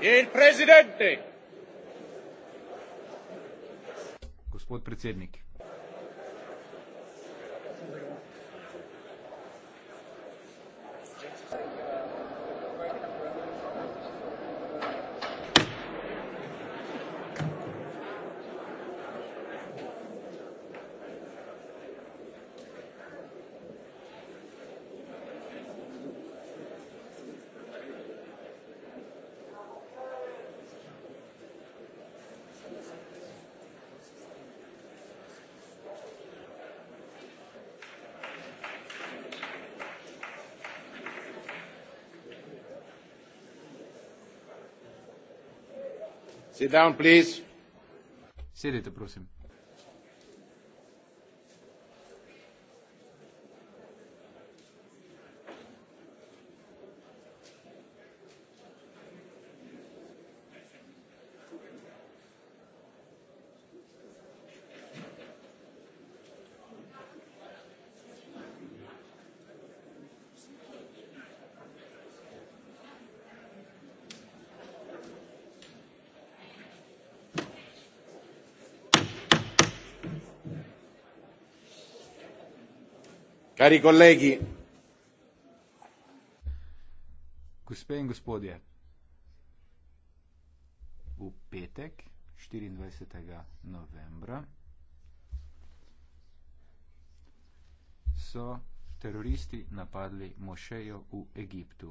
Il presidente. Gospod predsednik. Sedite, prosim. cari colleghi gospe in gospodje v petek 24. novembra so teroristi napadli mošejo v Egiptu